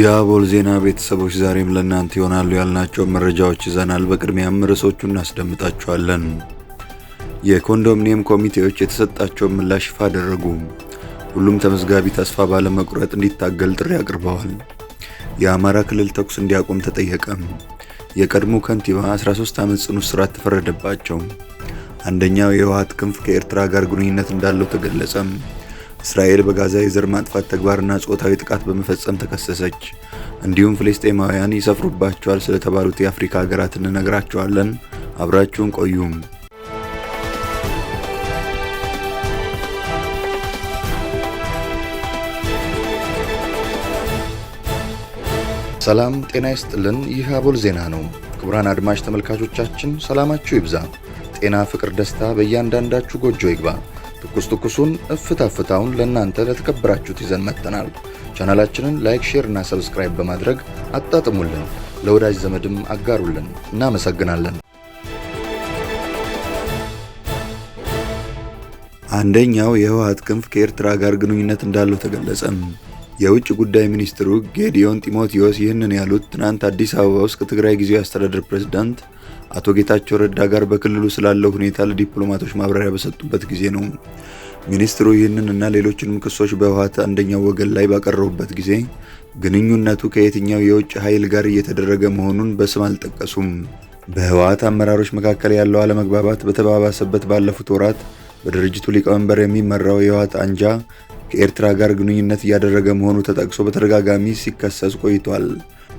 የአቦል ዜና ቤተሰቦች ዛሬም ለእናንተ ይሆናሉ ያልናቸው መረጃዎች ይዘናል። በቅድሚያም ርዕሶቹ እናስደምጣቸዋለን። የኮንዶሚኒየም ኮሚቴዎች የተሰጣቸውን ምላሽ ይፋ አደረጉ። ሁሉም ተመዝጋቢ ተስፋ ባለመቁረጥ እንዲታገል ጥሪ አቅርበዋል። የአማራ ክልል ተኩስ እንዲያቆም ተጠየቀም። የቀድሞ ከንቲባ 13 ዓመት ጽኑ እስራት ተፈረደባቸው። አንደኛው የህወሓት ክንፍ ከኤርትራ ጋር ግንኙነት እንዳለው ተገለጸም። እስራኤል በጋዛ የዘር ማጥፋት ተግባርና ጾታዊ ጥቃት በመፈጸም ተከሰሰች። እንዲሁም ፍልስጤማውያን ይሰፍሩባቸዋል ስለተባሉት የአፍሪካ ሀገራት እንነግራችኋለን። አብራችሁን ቆዩም። ሰላም ጤና ይስጥልን። ይህ አቦል ዜና ነው። ክቡራን አድማጭ ተመልካቾቻችን ሰላማችሁ ይብዛ፣ ጤና፣ ፍቅር፣ ደስታ በእያንዳንዳችሁ ጎጆ ይግባ። ትኩስ ትኩሱን እፍታ ፍታውን ለእናንተ ለተከበራችሁት ይዘን መጥተናል። ቻናላችንን ላይክ፣ ሼር እና ሰብስክራይብ በማድረግ አጣጥሙልን፣ ለወዳጅ ዘመድም አጋሩልን። እናመሰግናለን። አንደኛው የህወሓት ክንፍ ከኤርትራ ጋር ግንኙነት እንዳለው ተገለጸ። የውጭ ጉዳይ ሚኒስትሩ ጌዲዮን ጢሞቴዎስ ይህንን ያሉት ትናንት አዲስ አበባ ውስጥ ከትግራይ ጊዜያዊ አስተዳደር ፕሬዝዳንት አቶ ጌታቸው ረዳ ጋር በክልሉ ስላለው ሁኔታ ለዲፕሎማቶች ማብራሪያ በሰጡበት ጊዜ ነው። ሚኒስትሩ ይህንን እና ሌሎችንም ክሶች በህወሓት አንደኛው ወገን ላይ ባቀረቡበት ጊዜ ግንኙነቱ ከየትኛው የውጭ ኃይል ጋር እየተደረገ መሆኑን በስም አልጠቀሱም። በህወሓት አመራሮች መካከል ያለው አለመግባባት በተባባሰበት ባለፉት ወራት በድርጅቱ ሊቀመንበር የሚመራው የህወሓት አንጃ ከኤርትራ ጋር ግንኙነት እያደረገ መሆኑ ተጠቅሶ በተደጋጋሚ ሲከሰስ ቆይቷል።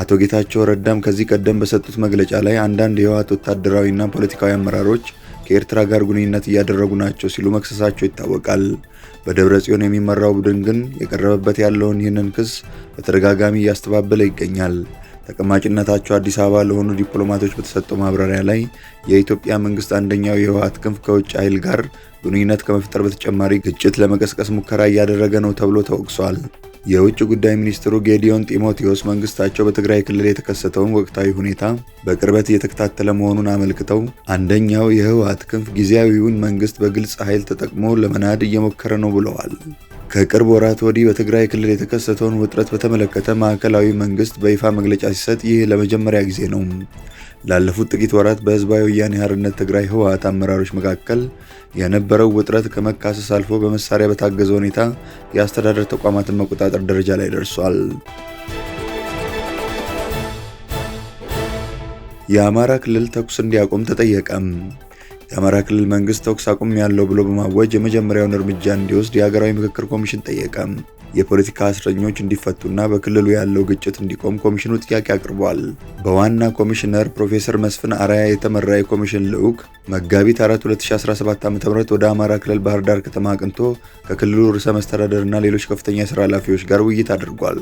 አቶ ጌታቸው ረዳም ከዚህ ቀደም በሰጡት መግለጫ ላይ አንዳንድ የህወሓት ወታደራዊና ፖለቲካዊ አመራሮች ከኤርትራ ጋር ግንኙነት እያደረጉ ናቸው ሲሉ መክሰሳቸው ይታወቃል። በደብረ ጽዮን የሚመራው ቡድን ግን የቀረበበት ያለውን ይህንን ክስ በተደጋጋሚ እያስተባበለ ይገኛል። ተቀማጭነታቸው አዲስ አበባ ለሆኑ ዲፕሎማቶች በተሰጠው ማብራሪያ ላይ የኢትዮጵያ መንግስት አንደኛው የህወሓት ክንፍ ከውጭ ኃይል ጋር ግንኙነት ከመፍጠር በተጨማሪ ግጭት ለመቀስቀስ ሙከራ እያደረገ ነው ተብሎ ተወቅሷል። የውጭ ጉዳይ ሚኒስትሩ ጌዲዮን ጢሞቴዎስ መንግስታቸው በትግራይ ክልል የተከሰተውን ወቅታዊ ሁኔታ በቅርበት እየተከታተለ መሆኑን አመልክተው አንደኛው የህወሓት ክንፍ ጊዜያዊውን መንግስት በግልጽ ኃይል ተጠቅሞ ለመናድ እየሞከረ ነው ብለዋል። ከቅርብ ወራት ወዲህ በትግራይ ክልል የተከሰተውን ውጥረት በተመለከተ ማዕከላዊ መንግስት በይፋ መግለጫ ሲሰጥ ይህ ለመጀመሪያ ጊዜ ነው። ላለፉት ጥቂት ወራት በህዝባዊ ወያኔ ሓርነት ትግራይ ህወሓት አመራሮች መካከል የነበረው ውጥረት ከመካሰስ አልፎ በመሳሪያ በታገዘ ሁኔታ የአስተዳደር ተቋማትን መቆጣጠር ደረጃ ላይ ደርሷል። የአማራ ክልል ተኩስ እንዲያቆም ተጠየቀም። የአማራ ክልል መንግስት ተኩስ አቁም ያለው ብሎ በማወጅ የመጀመሪያውን እርምጃ እንዲወስድ የሀገራዊ ምክክር ኮሚሽን ጠየቀም። የፖለቲካ እስረኞች እንዲፈቱና በክልሉ ያለው ግጭት እንዲቆም ኮሚሽኑ ጥያቄ አቅርቧል። በዋና ኮሚሽነር ፕሮፌሰር መስፍን አራያ የተመራ የኮሚሽን ልዑክ መጋቢት 4 2017 ዓ.ም ወደ አማራ ክልል ባህር ዳር ከተማ አቅንቶ ከክልሉ ርዕሰ መስተዳደርና ሌሎች ከፍተኛ የስራ ኃላፊዎች ጋር ውይይት አድርጓል።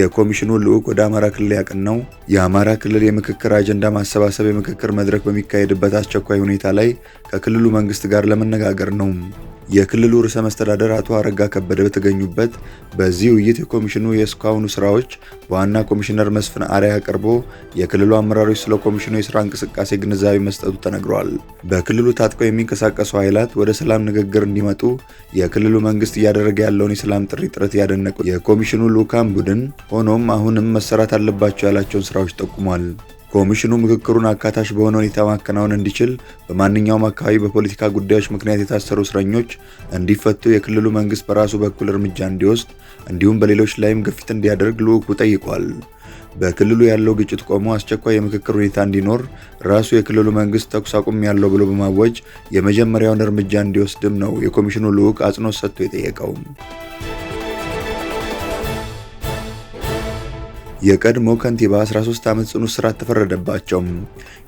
የኮሚሽኑ ልዑክ ወደ አማራ ክልል ያቀናው የአማራ ክልል የምክክር አጀንዳ ማሰባሰብ የምክክር መድረክ በሚካሄድበት አስቸኳይ ሁኔታ ላይ ከክልሉ መንግስት ጋር ለመነጋገር ነው። የክልሉ ርዕሰ መስተዳደር አቶ አረጋ ከበደ በተገኙበት በዚህ ውይይት የኮሚሽኑ የእስካሁኑ ስራዎች በዋና ኮሚሽነር መስፍን አሪያ ቀርቦ የክልሉ አመራሮች ስለ ኮሚሽኑ የስራ እንቅስቃሴ ግንዛቤ መስጠቱ ተነግሯል። በክልሉ ታጥቀው የሚንቀሳቀሱ ኃይላት ወደ ሰላም ንግግር እንዲመጡ የክልሉ መንግስት እያደረገ ያለውን የሰላም ጥሪ ጥረት ያደነቀው የኮሚሽኑ ልዑካን ቡድን ሆኖም አሁንም መሰራት አለባቸው ያላቸውን ስራዎች ጠቁሟል። ኮሚሽኑ ምክክሩን አካታች በሆነ ሁኔታ ማከናወን እንዲችል በማንኛውም አካባቢ በፖለቲካ ጉዳዮች ምክንያት የታሰሩ እስረኞች እንዲፈቱ የክልሉ መንግስት በራሱ በኩል እርምጃ እንዲወስድ እንዲሁም በሌሎች ላይም ግፊት እንዲያደርግ ልዑኩ ጠይቋል። በክልሉ ያለው ግጭት ቆሞ አስቸኳይ የምክክር ሁኔታ እንዲኖር ራሱ የክልሉ መንግስት ተኩስ አቁም ያለው ብሎ በማወጅ የመጀመሪያውን እርምጃ እንዲወስድም ነው የኮሚሽኑ ልዑክ አጽንኦት ሰጥቶ የጠየቀውም። የቀድሞ ከንቲባ 13 ዓመት ጽኑ እስራት ተፈረደባቸው።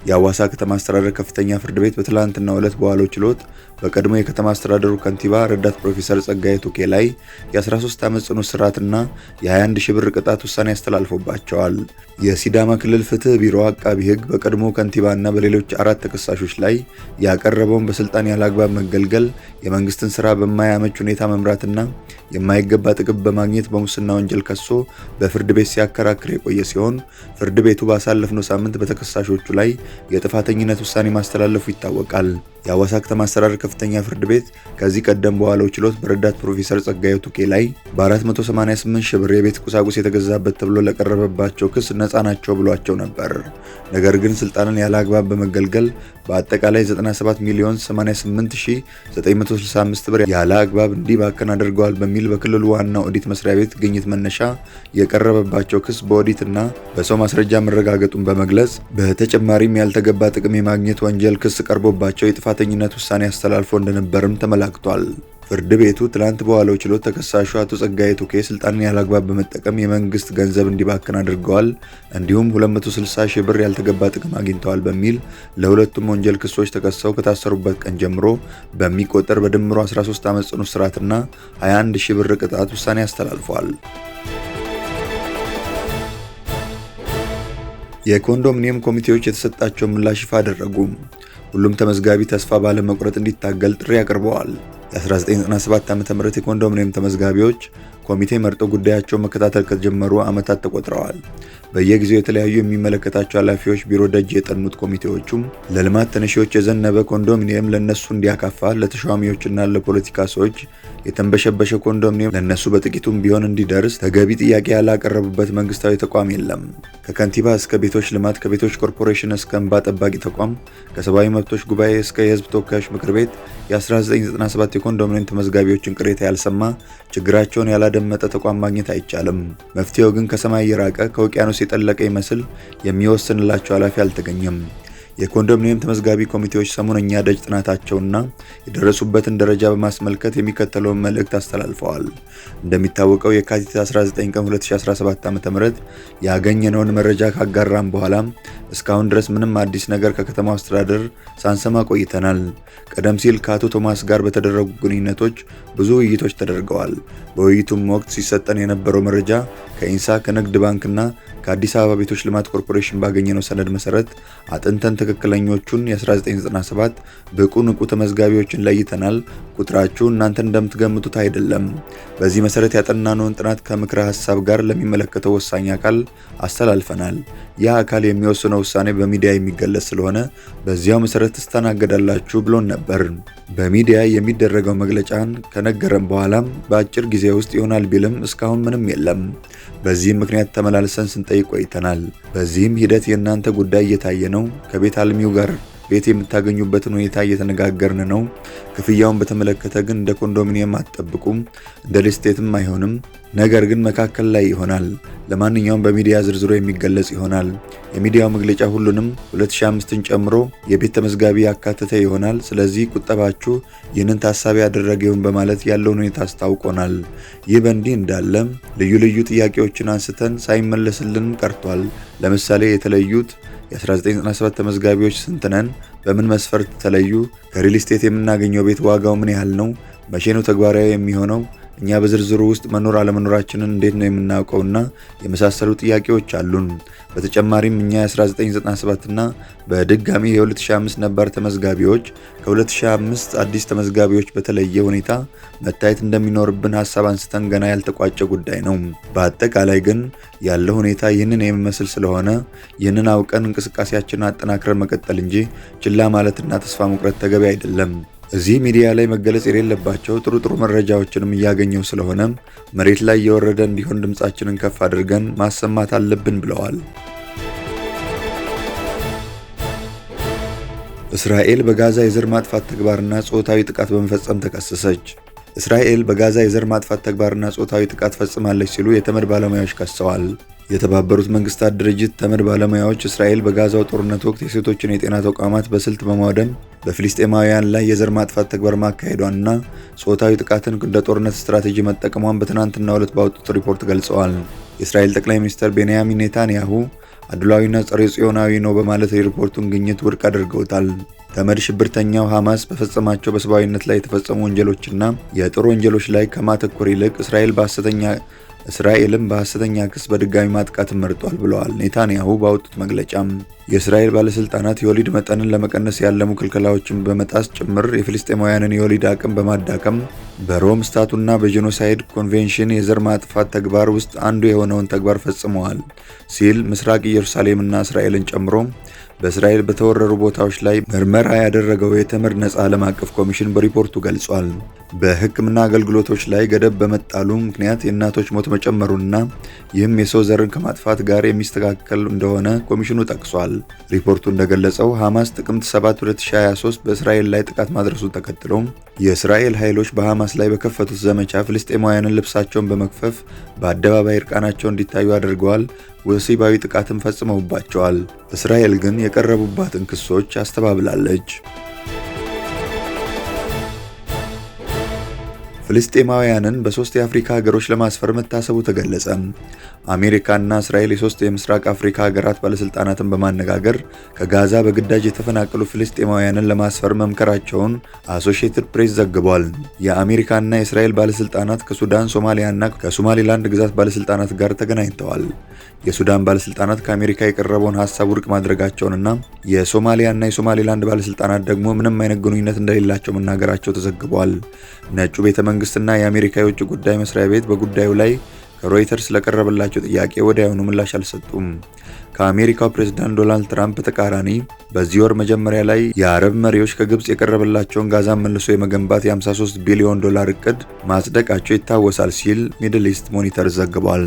የአዋሳ ከተማ አስተዳደር ከፍተኛ ፍርድ ቤት በትላንትናው ዕለት በዋለው ችሎት በቀድሞ የከተማ አስተዳደሩ ከንቲባ ረዳት ፕሮፌሰር ጸጋዬ ቱኬ ላይ የ13 ዓመት ጽኑ እስራትና የ21 ሺህ ብር ቅጣት ውሳኔ ያስተላልፎባቸዋል። የሲዳማ ክልል ፍትህ ቢሮ አቃቢ ህግ በቀድሞ ከንቲባና በሌሎች አራት ተከሳሾች ላይ ያቀረበውን በስልጣን ያለ አግባብ መገልገል፣ የመንግስትን ስራ በማያመች ሁኔታ መምራትና የማይገባ ጥቅም በማግኘት በሙስና ወንጀል ከሶ በፍርድ ቤት ሲያከራክር የቆየ ሲሆን ፍርድ ቤቱ ባሳለፍነው ሳምንት በተከሳሾቹ ላይ የጥፋተኝነት ውሳኔ ማስተላለፉ ይታወቃል። የአዋሳ ከተማ አስተዳደር ከፍተኛ ፍርድ ቤት ከዚህ ቀደም በዋለው ችሎት በረዳት ፕሮፌሰር ጸጋዬ ቱኬ ላይ በ488 ሺህ ብር የቤት ቁሳቁስ የተገዛበት ተብሎ ለቀረበባቸው ክስ ነፃ ናቸው ብሏቸው ነበር። ነገር ግን ስልጣንን ያለ አግባብ በመገልገል በአጠቃላይ 97 ሚሊዮን 88965 ብር ያለ አግባብ እንዲባከን አድርገዋል በሚል በክልሉ ዋናው ኦዲት መስሪያ ቤት ግኝት መነሻ የቀረበባቸው ክስ በኦዲትና በሰው ማስረጃ መረጋገጡን በመግለጽ በተጨማሪም ያልተገባ ጥቅም የማግኘት ወንጀል ክስ ቀርቦባቸው የጥፋተኝነት ውሳኔ አስተላ አልፎ እንደነበርም ተመላክቷል። ፍርድ ቤቱ ትላንት በዋለው ችሎት ተከሳሹ አቶ ጸጋዬ ቱኬ ስልጣንን ያላግባብ በመጠቀም የመንግስት ገንዘብ እንዲባክን አድርገዋል፣ እንዲሁም 260 ሺህ ብር ያልተገባ ጥቅም አግኝተዋል በሚል ለሁለቱም ወንጀል ክሶች ተከሰው ከታሰሩበት ቀን ጀምሮ በሚቆጠር በድምሩ 13 ዓመት ጽኑ እስራትና 21 ሺህ ብር ቅጣት ውሳኔ አስተላልፏል። የኮንዶሚኒየም ኮሚቴዎች የተሰጣቸውን ምላሽ ይፋ አደረጉም። ሁሉም ተመዝጋቢ ተስፋ ባለመቁረጥ እንዲታገል ጥሪ አቅርበዋል። የ1997 ዓ ም የኮንዶሚኒየም ተመዝጋቢዎች ኮሚቴ መርጦ ጉዳያቸውን መከታተል ከተጀመሩ ዓመታት ተቆጥረዋል። በየጊዜው የተለያዩ የሚመለከታቸው ኃላፊዎች ቢሮ ደጅ የጠኑት ኮሚቴዎቹም ለልማት ተነሺዎች የዘነበ ኮንዶሚኒየም ለእነሱ እንዲያካፋ፣ ለተሿሚዎችና ለፖለቲካ ሰዎች የተንበሸበሸ ኮንዶሚኒየም ለእነሱ በጥቂቱም ቢሆን እንዲደርስ ተገቢ ጥያቄ ያላቀረቡበት መንግስታዊ ተቋም የለም። ከከንቲባ እስከ ቤቶች ልማት፣ ከቤቶች ኮርፖሬሽን እስከ እንባ ጠባቂ ተቋም፣ ከሰብአዊ መብቶች ጉባኤ እስከ የህዝብ ተወካዮች ምክር ቤት የ1997 የኮንዶሚኒየም ተመዝጋቢዎችን ቅሬታ ያልሰማ፣ ችግራቸውን ያላደመጠ ተቋም ማግኘት አይቻልም። መፍትሄው ግን ከሰማይ የራቀ ከውቅያኖስ ነፍስ የጠለቀ ይመስል የሚወስንላቸው ኃላፊ አልተገኘም። የኮንዶሚኒየም ተመዝጋቢ ኮሚቴዎች ሰሞነኛ ደጅ ጥናታቸውና የደረሱበትን ደረጃ በማስመልከት የሚከተለውን መልእክት አስተላልፈዋል። እንደሚታወቀው የካቲት 19 ቀን 2017 ዓ.ም ያገኘነውን መረጃ ካጋራም በኋላ እስካሁን ድረስ ምንም አዲስ ነገር ከከተማው አስተዳደር ሳንሰማ ቆይተናል። ቀደም ሲል ከአቶ ቶማስ ጋር በተደረጉ ግንኙነቶች ብዙ ውይይቶች ተደርገዋል። በውይይቱም ወቅት ሲሰጠን የነበረው መረጃ ከኢንሳ ከንግድ ባንክና ከአዲስ አበባ ቤቶች ልማት ኮርፖሬሽን ባገኘነው ሰነድ መሰረት አጥንተን ትክክለኞቹን የ1997 ብቁ ንቁ ተመዝጋቢዎችን ለይተናል። ቁጥራችሁ እናንተን እንደምትገምቱት አይደለም። በዚህ መሰረት ያጠናነውን ጥናት ከምክረ ሀሳብ ጋር ለሚመለከተው ወሳኝ አካል አስተላልፈናል። ይህ አካል የሚወስነው ውሳኔ በሚዲያ የሚገለጽ ስለሆነ በዚያው መሰረት ትስተናገዳላችሁ ብሎን ነበር። በሚዲያ የሚደረገው መግለጫን ከነገረን በኋላም በአጭር ጊዜ ውስጥ ይሆናል ቢልም እስካሁን ምንም የለም። በዚህም ምክንያት ተመላልሰን ስንጠይቅ ቆይተናል። በዚህም ሂደት የእናንተ ጉዳይ እየታየ ነው። ከቤት አልሚው ጋር ቤት የምታገኙበትን ሁኔታ እየተነጋገርን ነው። ክፍያውን በተመለከተ ግን እንደ ኮንዶሚኒየም አትጠብቁም፣ እንደ ሊስቴትም አይሆንም። ነገር ግን መካከል ላይ ይሆናል። ለማንኛውም በሚዲያ ዝርዝሮ የሚገለጽ ይሆናል። የሚዲያው መግለጫ ሁሉንም 2005ን ጨምሮ የቤት ተመዝጋቢ ያካተተ ይሆናል። ስለዚህ ቁጠባችሁ ይህንን ታሳቢ ያደረገውን በማለት ያለውን ሁኔታ አስታውቆናል። ይህ በእንዲህ እንዳለ ልዩ ልዩ ጥያቄዎችን አንስተን ሳይመለስልን ቀርቷል። ለምሳሌ የተለዩት የ1997 ተመዝጋቢዎች ስንትነን? በምን መስፈርት ተለዩ? ከሪል ስቴት የምናገኘው ቤት ዋጋው ምን ያህል ነው? መቼ ነው ተግባራዊ የሚሆነው? እኛ በዝርዝሩ ውስጥ መኖር አለመኖራችንን እንዴት ነው የምናውቀውና የመሳሰሉ ጥያቄዎች አሉን። በተጨማሪም እኛ የ1997ና በድጋሚ የ2005 ነባር ተመዝጋቢዎች ከ2005 አዲስ ተመዝጋቢዎች በተለየ ሁኔታ መታየት እንደሚኖርብን ሀሳብ አንስተን ገና ያልተቋጨ ጉዳይ ነው። በአጠቃላይ ግን ያለ ሁኔታ ይህንን የሚመስል ስለሆነ ይህንን አውቀን እንቅስቃሴያችንን አጠናክረን መቀጠል እንጂ ችላ ማለትና ተስፋ መቁረጥ ተገቢ አይደለም። እዚህ ሚዲያ ላይ መገለጽ የሌለባቸው ጥሩ ጥሩ መረጃዎችንም እያገኘው ስለሆነም መሬት ላይ እየወረደ እንዲሆን ድምፃችንን ከፍ አድርገን ማሰማት አለብን ብለዋል። እስራኤል በጋዛ የዘር ማጥፋት ተግባርና ጾታዊ ጥቃት በመፈጸም ተከሰሰች። እስራኤል በጋዛ የዘር ማጥፋት ተግባርና ጾታዊ ጥቃት ፈጽማለች ሲሉ የተመድ ባለሙያዎች ከሰዋል። የተባበሩት መንግስታት ድርጅት ተመድ ባለሙያዎች እስራኤል በጋዛው ጦርነት ወቅት የሴቶችን የጤና ተቋማት በስልት በማውደም በፊልስጤማውያን ላይ የዘር ማጥፋት ተግባር ማካሄዷንና ጾታዊ ጥቃትን እንደ ጦርነት ስትራቴጂ መጠቀሟን በትናንትናው ዕለት ባወጡት ሪፖርት ገልጸዋል። የእስራኤል ጠቅላይ ሚኒስትር ቤንያሚን ኔታንያሁ አድሏዊና ጸረ ጽዮናዊ ነው በማለት የሪፖርቱን ግኝት ውድቅ አድርገውታል። ተመድ ሽብርተኛው ሐማስ በፈጸማቸው በሰብአዊነት ላይ የተፈጸሙ ወንጀሎችና የጦር ወንጀሎች ላይ ከማተኮር ይልቅ እስራኤል በሐሰተኛ እስራኤልም በሐሰተኛ ክስ በድጋሚ ማጥቃት መርጧል ብለዋል ኔታንያሁ ባወጡት መግለጫም። የእስራኤል ባለሥልጣናት የወሊድ መጠንን ለመቀነስ ያለሙ ክልከላዎችን በመጣስ ጭምር የፍልስጤማውያንን የወሊድ አቅም በማዳከም በሮም ስታቱና በጄኖሳይድ ኮንቬንሽን የዘር ማጥፋት ተግባር ውስጥ አንዱ የሆነውን ተግባር ፈጽመዋል ሲል ምስራቅ ኢየሩሳሌምና እስራኤልን ጨምሮ በእስራኤል በተወረሩ ቦታዎች ላይ ምርመራ ያደረገው የተመድ ነጻ ዓለም አቀፍ ኮሚሽን በሪፖርቱ ገልጿል። በሕክምና አገልግሎቶች ላይ ገደብ በመጣሉ ምክንያት የእናቶች ሞት መጨመሩና ይህም የሰው ዘርን ከማጥፋት ጋር የሚስተካከል እንደሆነ ኮሚሽኑ ጠቅሷል። ሪፖርቱ እንደገለጸው ሐማስ ጥቅምት 7 2023 በእስራኤል ላይ ጥቃት ማድረሱን ተከትሎ የእስራኤል ኃይሎች በሐማስ ላይ በከፈቱት ዘመቻ ፍልስጤማውያንን ልብሳቸውን በመክፈፍ በአደባባይ እርቃናቸው እንዲታዩ አድርገዋል። ወሲባዊ ጥቃትም ፈጽመውባቸዋል። እስራኤል ግን የቀረቡባትን ክሶች አስተባብላለች። ፍልስጤማውያንን በሶስት የአፍሪካ ሀገሮች ለማስፈር መታሰቡ ተገለጸ። አሜሪካና እስራኤል የሶስት የምስራቅ አፍሪካ ሀገራት ባለስልጣናትን በማነጋገር ከጋዛ በግዳጅ የተፈናቀሉ ፍልስጤማውያንን ለማስፈር መምከራቸውን አሶሺየትድ ፕሬስ ዘግቧል። የአሜሪካና የእስራኤል ባለስልጣናት ከሱዳን፣ ሶማሊያና ከሶማሌላንድ ግዛት ባለስልጣናት ጋር ተገናኝተዋል። የሱዳን ባለስልጣናት ከአሜሪካ የቀረበውን ሀሳብ ውድቅ ማድረጋቸውንና የሶማሊያና የሶማሌላንድ ባለስልጣናት ደግሞ ምንም አይነት ግንኙነት እንደሌላቸው መናገራቸው ተዘግቧል። ነጩ ቤተ መንግስትና የአሜሪካ የውጭ ጉዳይ መስሪያ ቤት በጉዳዩ ላይ ከሮይተርስ ለቀረበላቸው ጥያቄ ወዲያውኑ ምላሽ አልሰጡም። ከአሜሪካው ፕሬዝዳንት ዶናልድ ትራምፕ ተቃራኒ በዚህ ወር መጀመሪያ ላይ የአረብ መሪዎች ከግብፅ የቀረበላቸውን ጋዛን መልሶ የመገንባት የ53 ቢሊዮን ዶላር እቅድ ማጽደቃቸው ይታወሳል ሲል ሚድል ኢስት ሞኒተር ዘግቧል።